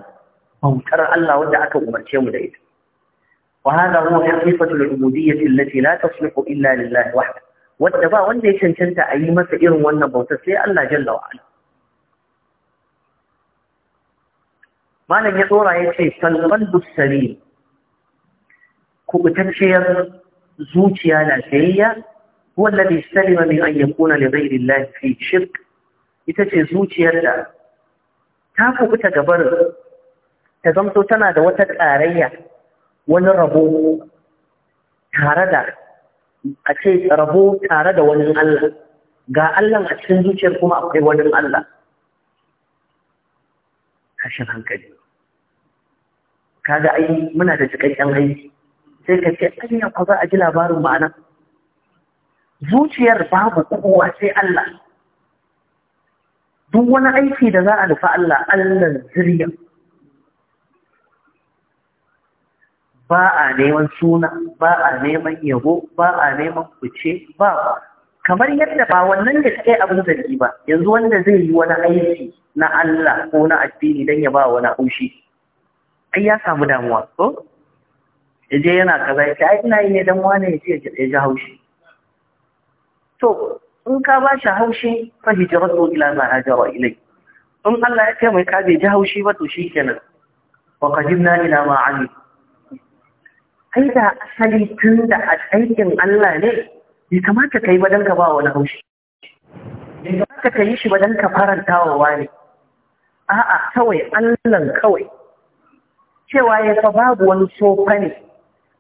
S1: bautar Allah wanda aka umarce mu da ita wa hada huwa haqiqatul ubudiyyah allati la taslihu illa lillah wahdahu wanda ba wanda ya cancanta a yi masa irin wannan bautar sai Allah jalla wa ala malam ya tsora ya ce salman busari kubutacciyar zuciya na lafiyayya wanda bai salima mai an yakuna li ghairi Allah fi shirk ita ce zuciyar da ta kubuta gabar ta zamto tana da wata ƙarayya wani rabo tare da a ce rabo tare da wani Allah ga Allah a cikin zuciyar kuma akwai wani Allah tashin hankali kaga ai muna da cikakken aiki sai ka ce anya ko za a ji labarin ma'ana zuciyar babu kowa sai Allah duk wani aiki da za a nufa Allah Allah zuriya ba a neman suna ba a neman yabo ba a neman fice ba kamar yadda ba wannan da kai abin zargi ba yanzu wanda zai yi wani aiki na Allah ko na addini dan ya ba wani aushi. ai ya samu damuwa ko je yana kaza yace ai ina yi ne dan wani ce ya ji haushi to in ka ba shi haushi fa hijratu ila ma hajara ilai in Allah ya ce mai ka bai ji haushi ba to shikenan wa qadimna ila ma amil kai da asali tun da aikin Allah ne ya kamata ka yi wajen ka ba wani haushi ya kamata ka yi shi ba ka faranta wa wani a'a kawai allan kawai cewa ya fa babu wani sofa ne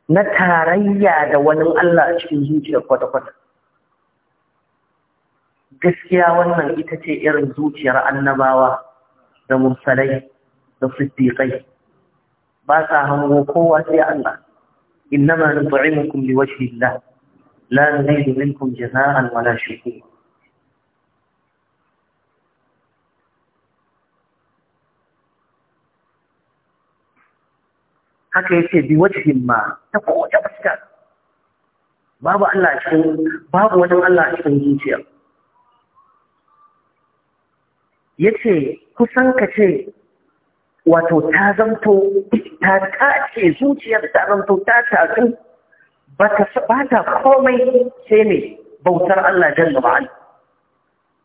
S1: na tarayya da wani allah a cikin zuciyar kwata-kwata gaskiya wannan ita ce irin zuciyar annabawa da mursalai da siddiƙai ba sa hango kowa sai allah innama nutu'imukum liwajhillah لا نريد منكم جزاء ولا شكور haka yake bi wajhin ma ta kowace fuska babu Allah cikin babu wani Allah a cikin zuciya yace kusan ka ce wato ta zanto ta kace zuciyar ta zanto ta tafi ba ta komai sai mai bautar Allah jalla ba'ala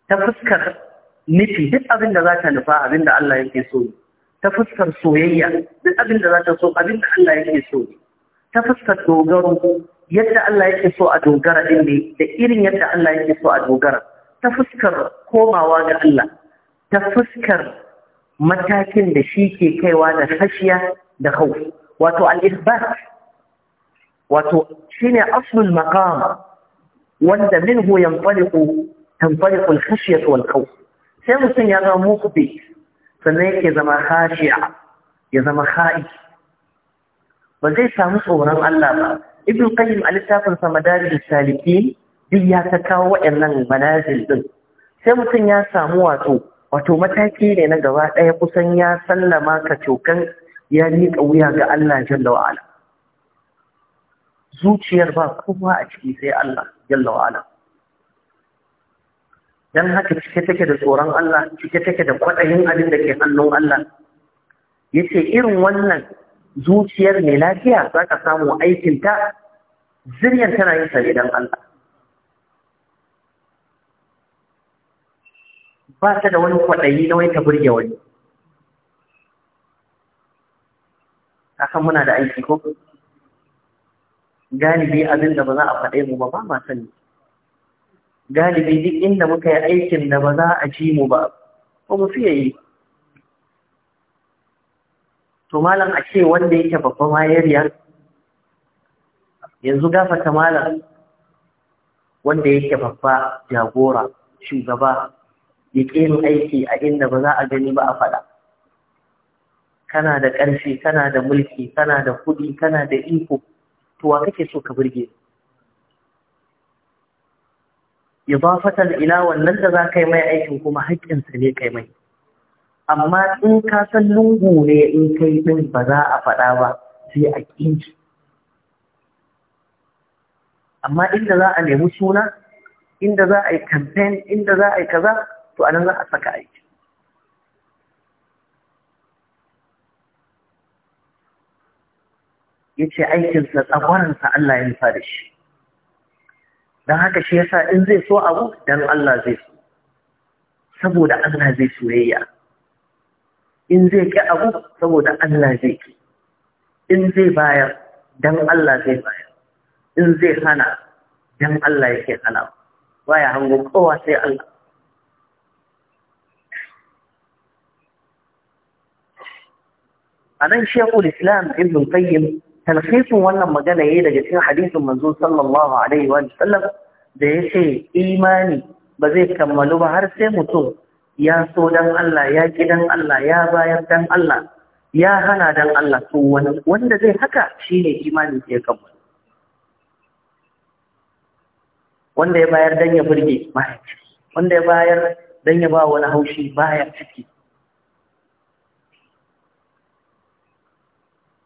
S1: ta fuskar nufi duk abin da za ta nufa abin da Allah yake so ta fuskar soyayya duk abin da za ta so abin da Allah yake so ta fuskar dogaro yadda Allah yake so a dogara din ne da irin yadda Allah yake so a dogara ta fuskar komawa ga Allah ta fuskar matakin da shi ke kaiwa da hashiya da hau wato al-isbat wato shine aslul maqam wanda minhu yanfaliqu tanfaliqu al-khashyah wal khawf sai mutum ya zama mukbi sannan yake zama khashi'a ya zama kha'i ba zai samu tsoron Allah ba ibn qayyim a littafin sa madarij salikin duk ya ta kawo wayannan manazil din sai mutum ya samu wato wato mataki ne na gaba ɗaya kusan ya sallama ka cokan ya miƙa wuya ga Allah jalla wa'ala zuciyar ba kowa a ciki sai Allah jalla ala dan haka cike take da tsoron Allah cike take da kwaɗayin abin da ke hannun Allah yace irin wannan zuciyar mai lafiya za ka samu aikin ta? ziryan tana yin sa idan Allah ba ta da wani kwaɗayi na wai ta burge wani akan muna da aiki ko galibi abin da ba za a faɗe mu ba ba ma sani galibi duk inda muka yi aikin da ba za a ji mu ba ba mu fiye yi to malam a ce wanda yake babba ma yariya yanzu gafata malam wanda yake babba jagora shugaba ya ƙeru aiki a inda ba za a gani ba a faɗa kana da ƙarfi kana da mulki kana da kuɗi kana da iko to wa kake so ka burge idafatan ila wannan da za ka yi mai aikin kuma haƙƙinsa ne kai mai amma in ka san lungu ne in kai ɗin ba za a faɗa ba sai a ƙinci amma inda za a nemi suna inda za a yi campaign inda za a yi kaza to anan za a saka aiki yace ce aikinsa tsagwaran Allah ya nufa da shi Don haka shi yasa in zai so abu don Allah zai so saboda Allah zai soyayya in zai ƙi abu saboda Allah zai ƙi, in zai bayar don Allah zai bayar in zai hana don Allah yake hana baya hango kowa sai Allah a nan shekul islam ibn qayyim Talhifin wannan magana yayi daga cikin hadisin manzo sallallahu alaihi wa sallam da yace imani ba zai kammalu ba har sai mutum ya so dan Allah ya ki dan Allah ya bayar dan Allah ya hana dan Allah to wanda zai haka shine imani ya kammalu wanda ya bayar dan ya burge ba wanda ya bayar dan ya ba wani haushi baya ciki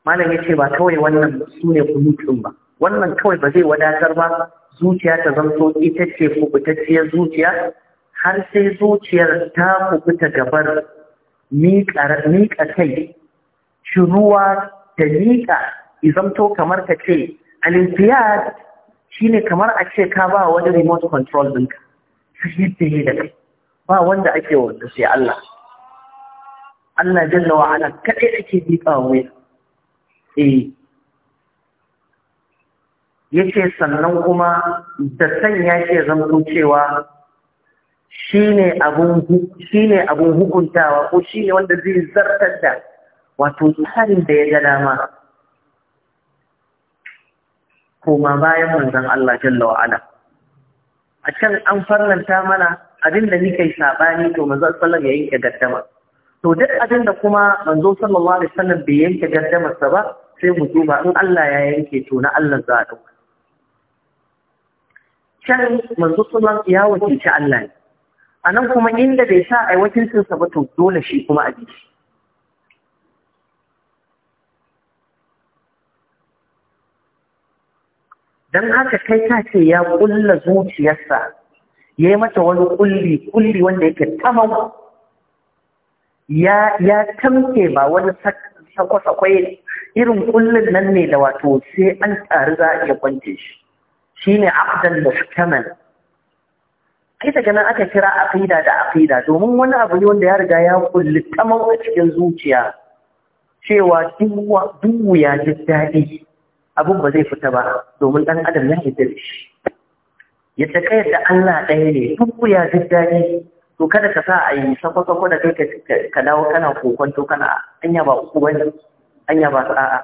S1: malam ya ce ba kawai wannan su ne kunutun ba wannan kawai ba zai wadatar ba zuciya ta zanto ita ce kubutacciyar zuciya har sai zuciyar ta kubuta gabar miƙa kai shiruwa da miƙa izamto kamar ka ce shi shine kamar a ce ka ba wani remote control ɗinka yi tsaye da kai ba wanda ake wanda sai Allah Allah jalla wa ala kaɗai ake miƙa wuya eh yace sannan kuma da sanya ke zanto cewa shine abun shine hukuntawa ko shine wanda zai zartar da wato tsarin da ya gada dama koma bayan manzon Allah jalla wa a can an farlanta mana abin da nike sabani to manzon sallallahu alaihi wasallam gaddama to duk abin da kuma manzo sallallahu alaihi wasallam bai yanke gaddamarsa ba sai mu duba in Allah ya yanke to na Allah za a dauka can manzo sallallahu ya wakilci Allah ne anan kuma inda bai sa ai wakilcin sa ba to dole shi kuma a bi shi dan haka kai ka ce ya kulla zuciyarsa yayi mata wani kulli kulli wanda yake tamam ya tamke ba wani sakwasakwai irin kullun nan ne da wato sai an tsari za a iya kwance shi shine abdan muhtamal kai daga nan aka kira aqida da aqida domin wani abu ne wanda ya riga ya kulli kamar a cikin zuciya cewa duwu ya ji daɗi abin ba zai fita ba domin ɗan adam ya haifar shi yadda ka da Allah ɗaya ne duwu ya ji daɗi to kada ka sa a yi sako-sako da kai ka dawo kana kokonto kana anya ba uku ba ne anya ba su a'a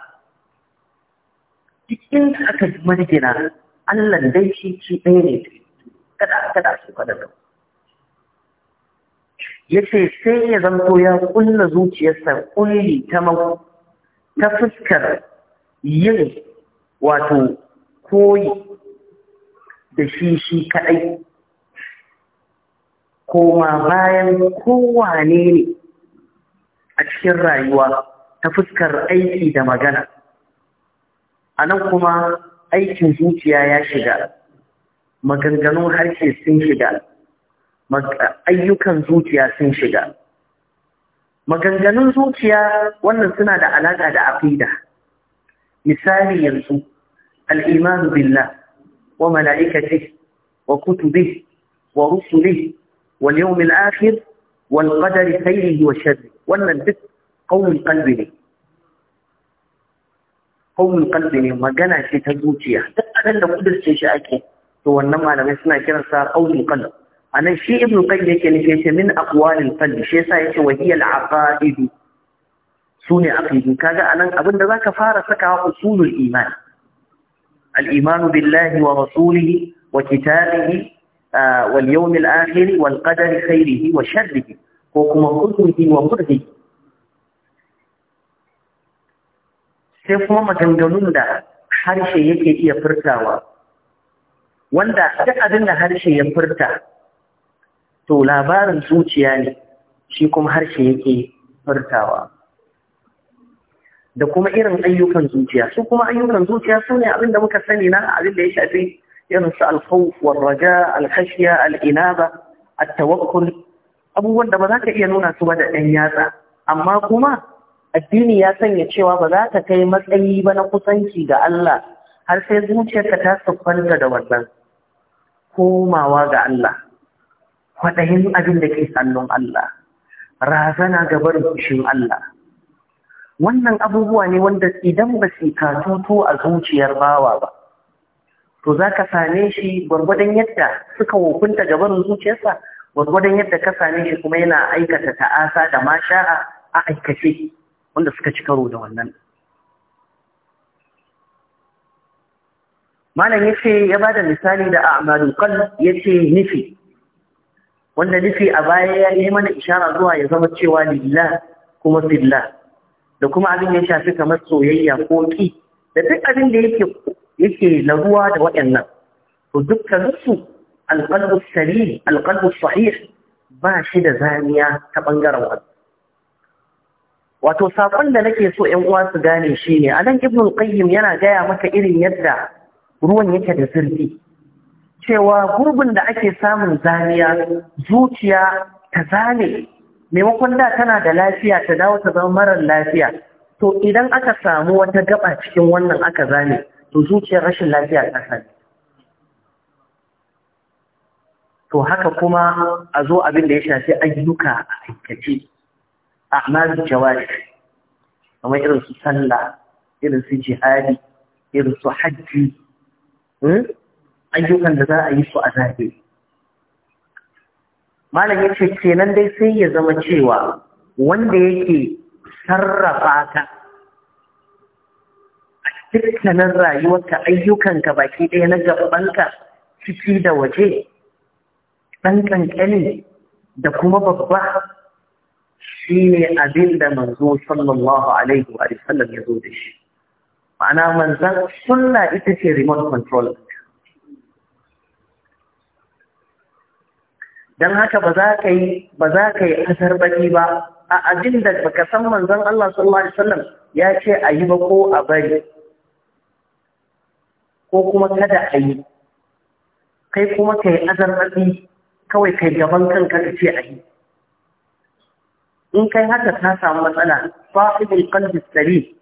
S1: cikin aka ji marigina Allah dai shi shi ɗaya ne kada kada su kada da ya ce sai ya zanto ya kulla zuciyarsa kulli ta mau ta fuskar yin wato koyi da shi shi kaɗai koma bayan kowane ne a cikin rayuwa ta fuskar aiki da magana a nan kuma aikin zuciya ya shiga maganganun harshe sun shiga ayyukan zuciya sun shiga maganganun zuciya wannan suna da alaƙa da aqida misali yanzu al-iman billah wa mala'ikatihi wa kutubi wa rusuli wal yawmil akhir wal qadari khairihi wa sharri wannan duk qaulul qalbi ne qaulul qalbi ne magana ce ta zuciya duk abin da kudurce shi ake to wannan malamai suna kiransa qaulul qalbi anan shi ibnu qayyim yake nufi ce min aqwalil qalbi shi yasa yace wa hiya al aqaidu sune aqidu kaga anan abin da zaka fara sakawa usulul iman al iman billahi wa rasulihi wa kitabihi wal yawmil akhir wal qadari khairihi wa sharrihi ko kuma husnihi wa murhi sai kuma maganganun da harshe yake iya furtawa wanda duk abin da harshe ya furta to labarin zuciya ne shi kuma harshe yake furtawa da kuma irin ayyukan zuciya su kuma ayyukan zuciya su ne abin da muka sani na abin da ya shafi irinsu su alkhawf raja al al'inaba al abubuwan da ba za ka iya nuna su ba da ɗan yatsa amma kuma addini ya sanya cewa ba za ka kai matsayi ba na kusanci ga Allah har sai zuciyarka ta siffanta da wannan komawa ga Allah kwaɗayin abin da ke sannun Allah razana ga barin Allah wannan abubuwa ne wanda idan ba su katoto a zuciyar bawa ba to za ka same shi gwargwadon yadda suka hukunta gaban zuciyarsa gwargwadon yadda ka same shi kuma yana aikata ta'asa da masha a aikace wanda suka ci karo da wannan malam ya ce ya ba da misali da a qalb ya ce nufi wanda nufi a baya ya yi mana ishara zuwa ya zama cewa lillah kuma fillah da kuma abin ya shafi kamar soyayya ko ki da duk abin da yake yake na ruwa da waɗannan to dukkaninsu alƙalbus salim alƙalbus sahih ba shi da zaniya ta ɓangaren wani wato saƙon da nake so ‘yan uwa su gane shi ne a nan ibn qayyim yana gaya maka irin yadda ruwan yake da zurfi cewa gurbin da ake samun zaniya zuciya ta zane maimakon da tana da lafiya ta dawo ta zama marar lafiya to idan aka samu wata gaba cikin wannan aka zane to zuciyar rashin lafiya ta sani to haka kuma a zo abin da ya shafi ayyuka a aikace a amalin jawari kamar irin su sallah irin su jihadi irin su hajji hmm? ayyukan da za a yi su a zaɓe malam ya ce kenan dai sai ya zama cewa wanda yake sarrafa ta. dukkanin rayuwarka ayyukanka baki ɗaya na gabanka ciki da waje ɗan ƙanƙani da kuma babba shi ne abin da manzo sallallahu alaihi wa sallam ya zo da shi ma'ana manzan sunna ita ce remote control don haka ba za ka yi ba za ka yi asar baki ba a abin da baka san manzan Allah sallallahu alaihi sallam ya ce a yi ba ko a bari ko kuma kada a yi kai kuma ka yi azarbaɗi kawai kai gaban kanka kada ce a yi in kai haka ta samu matsala ba sahibul qalbi tsari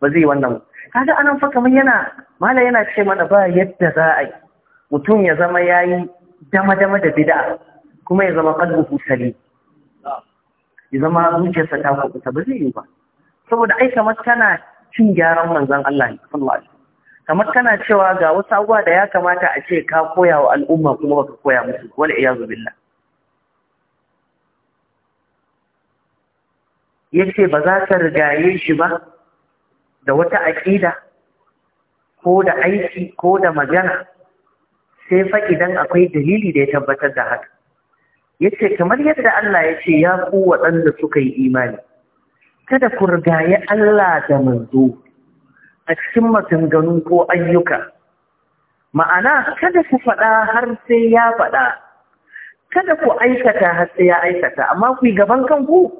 S1: ba zai wannan kaga anan fa kamar yana mala yana ce mana ba yadda za a yi mutum ya zama ya yi dama dama da bid'a kuma ya zama qalbuhu sari ya zama zuciyarsa ta kubuta ba zai yi ba saboda ai kamar tana cin gyaran manzon Allah sallallahu alaihi kamar kana cewa ga wasu abubuwa da ya kamata a ce ka koya wa al'umma kuma baka koya musu wal iyazu Ya ce ba za ka rigaye shi ba da wata aƙida ko da aiki ko da magana sai fa idan akwai dalili da ya tabbatar da haka Ya ce kamar yadda Allah ya ce ya ku waɗanda suka yi imani kada ku rigaye Allah da manzo cikin maganganu ko ayyuka ma'ana kada ku fada har sai ya fada kada ku aikata har sai ya aikata amma ku gaban kanku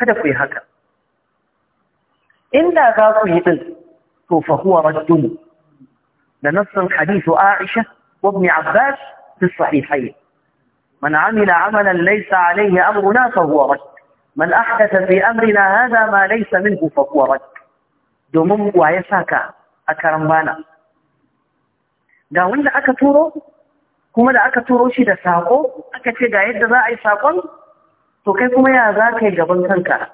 S1: kada ku yi haka inda za ku yi din to fa huwa raddun da nassan hadithu Aisha wa ibn Abbas fi sahihayn من عمل عملا ليس عليه أمرنا فهو رد من أحدث في أمرنا هذا ما ليس منه فهو رد domin wa ya ka, a karan bana ga wanda aka turo kuma da aka turo shi da sako aka ce ga yadda za a yi sakon to kai kuma ya za ka yi gaban kanka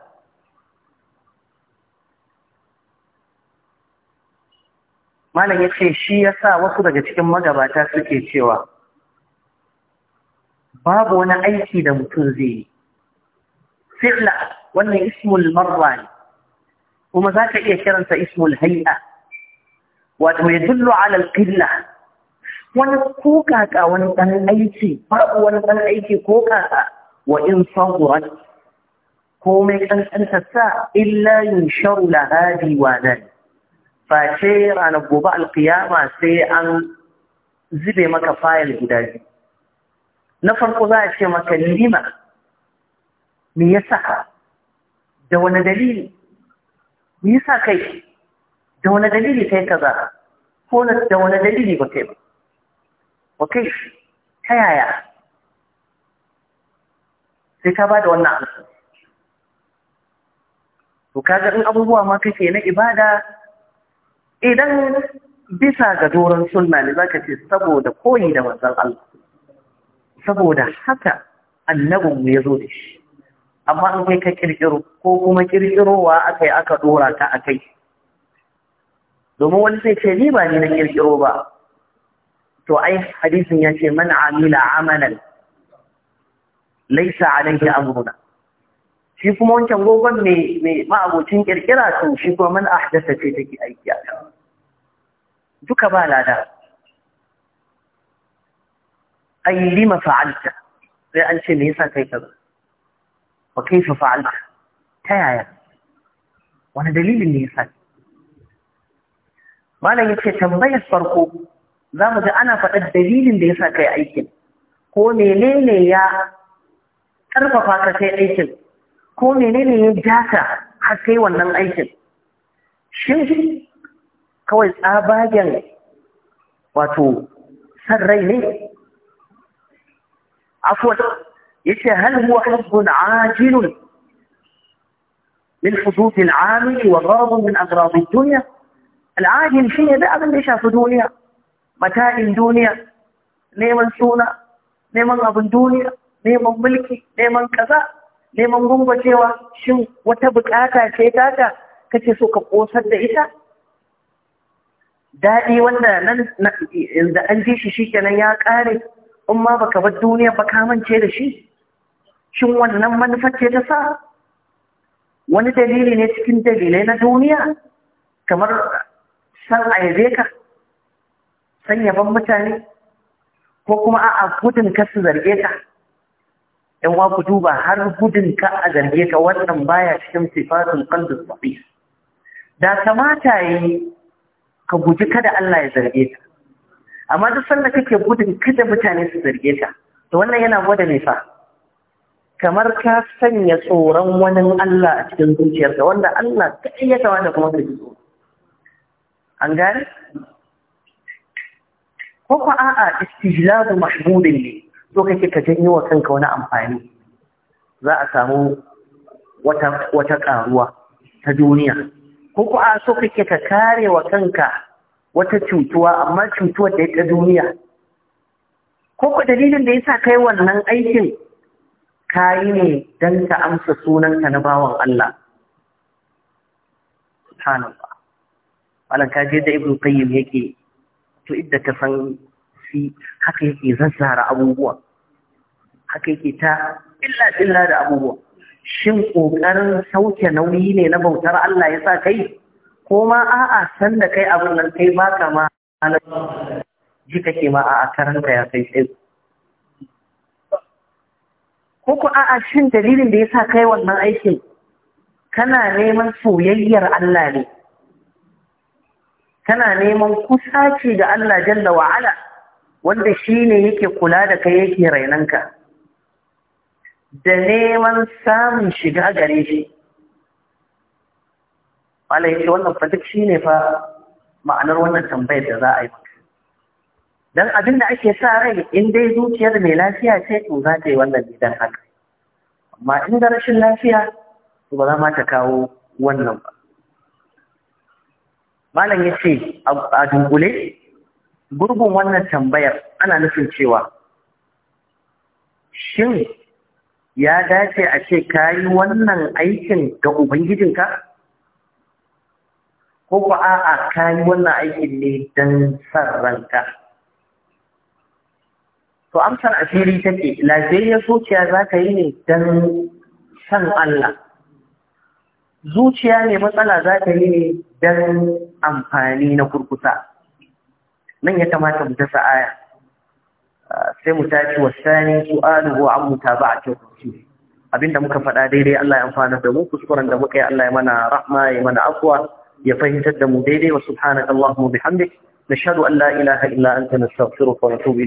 S1: malam ya ce shi ya sa wasu daga cikin magabata suke cewa babu wani aiki da mutum zai yi fi'la wannan ismul marwani ne kuma za ka iya kiransa ismul hay'a wato ya dullu ala alqilla wani ko kaka wani ɗan aiki wani aiki ko kaka wa in saburat komai kankanta sa illa yunsharu lahadi wa nan face ranar gobe alkiyama sai an zube maka fayil guda na farko za a ce maka lima me yasa da wani dalili me yasa kai da wani dalili kai kaza ko da wani dalili ba kai ba ba kai ta yaya sai ka ba da wannan amsa to kaga in abubuwa ma kake na ibada idan bisa ga doron sunna ne zaka ce saboda koyi da manzon Allah saboda haka annabin mu ya zo da shi amma in kai ka kirkiro ko kuma kirkirowa aka yi aka dora ta a kai domin wani sai ce ni ba ni na kirkiro ba to ai hadisin ya ce man amila amana laisa alaihi amruna shi kuma wancan gogon mai mai ma'abocin kirkira to shi kuma man ahdasa ce take aiki a duka ba lada ai lima fa'alta sai an ce me yasa kai kaza wa kaifa fa'alta ta yaya wani dalilin ne yasa malam ce tambayar farko za mu ji ana faɗar dalilin da sa kai aikin ko ne ya ƙarfafa ka kai aikin ko ne ya jata har kai wannan aikin shin kawai tsabagen wato san rai ne afuwa yace hal huwa hasbun ajilun min hudud al-amil wa gharad min aghrad ad-dunya al-ajil shine da abin da ya shafi duniya mata'in duniya neman suna neman abun duniya neman mulki neman kaza neman gumbacewa shin wata bukata ce taka kace so ka kosar da ita daɗi wanda nan da an ji shi shikenan ya ƙare in baka bar duniya ba kamance da shi shin wannan manufar ce ta sa wani dalili ne cikin dalilai na duniya kamar san a ka san yaban mutane ko kuma a'a gudun ka su zarge ka yan wa ku duba har gudun ka a zarge ka wannan baya cikin sifatun qalbus sahih da kamata yi ka guji kada Allah ya zarge ka amma duk sanda kake gudun kada mutane su zarge ka to wannan yana gwada nifa fa kamar ka sanya tsoron wani Allah a cikin zuciyarka wanda Allah ta iya kamata kuma ka ji an gane ko ko a'a istijladu mahmudin ne so kake ka janyo wa kanka wani amfani za a samu wata wata karuwa ta duniya ko ko a'a so kake ka kare wa kanka wata cutuwa amma cutuwar da ta duniya ko ko dalilin da yasa kai wannan aikin ka yi ne don ka amsa sunanka na bawan Allah subhanallah ka je da ibnu qayyim yake to idda ka san shi haka yake zazzara abubuwa haka yake ta illa illa da abubuwa shin ƙoƙarin sauke nauyi ne na bautar Allah ya sa kai ko ma a'a san da kai abin nan kai baka ma ji kake ma a'a karanta ya kai sai ko ku a'a shin dalilin da ya sa kai wannan aikin kana neman soyayyar Allah ne kana neman kusaci ga Allah jalla wa ala wanda ne yake kula da kai yake ka. da neman samun shiga gare shi wannan fa duk shine fa ma'anar wannan tambayar da za a yi dan abin da ake sa rai in dai zuciyar mai lafiya ce to za ta yi wannan gidan haka amma in da rashin lafiya to ba za ma ta kawo wannan ba malam ya ce a dunkule gurbin wannan tambayar ana nufin cewa shin ya dace a ce ka yi wannan aikin ga ubangijinka ko ba a'a ka yi wannan aikin ne don san ranka to amsar asiri take lafiyayyar zuciya za ka yi ne don san Allah zuciya ne matsala za ka yi ne don amfani na kurkusa nan ya kamata mu dasa aya ah, sai mu tashi wasani su'alu wa an mutaba'atu abinda muka faɗa daidai Allah ya amfana da mu kuskuren da muka yi Allah ya mana rahma ya mana afwa ya fahimtar da mu daidai wa subhanakallahumma bihamdik nashhadu an la ilaha illa anta nastaghfiruka wa natubu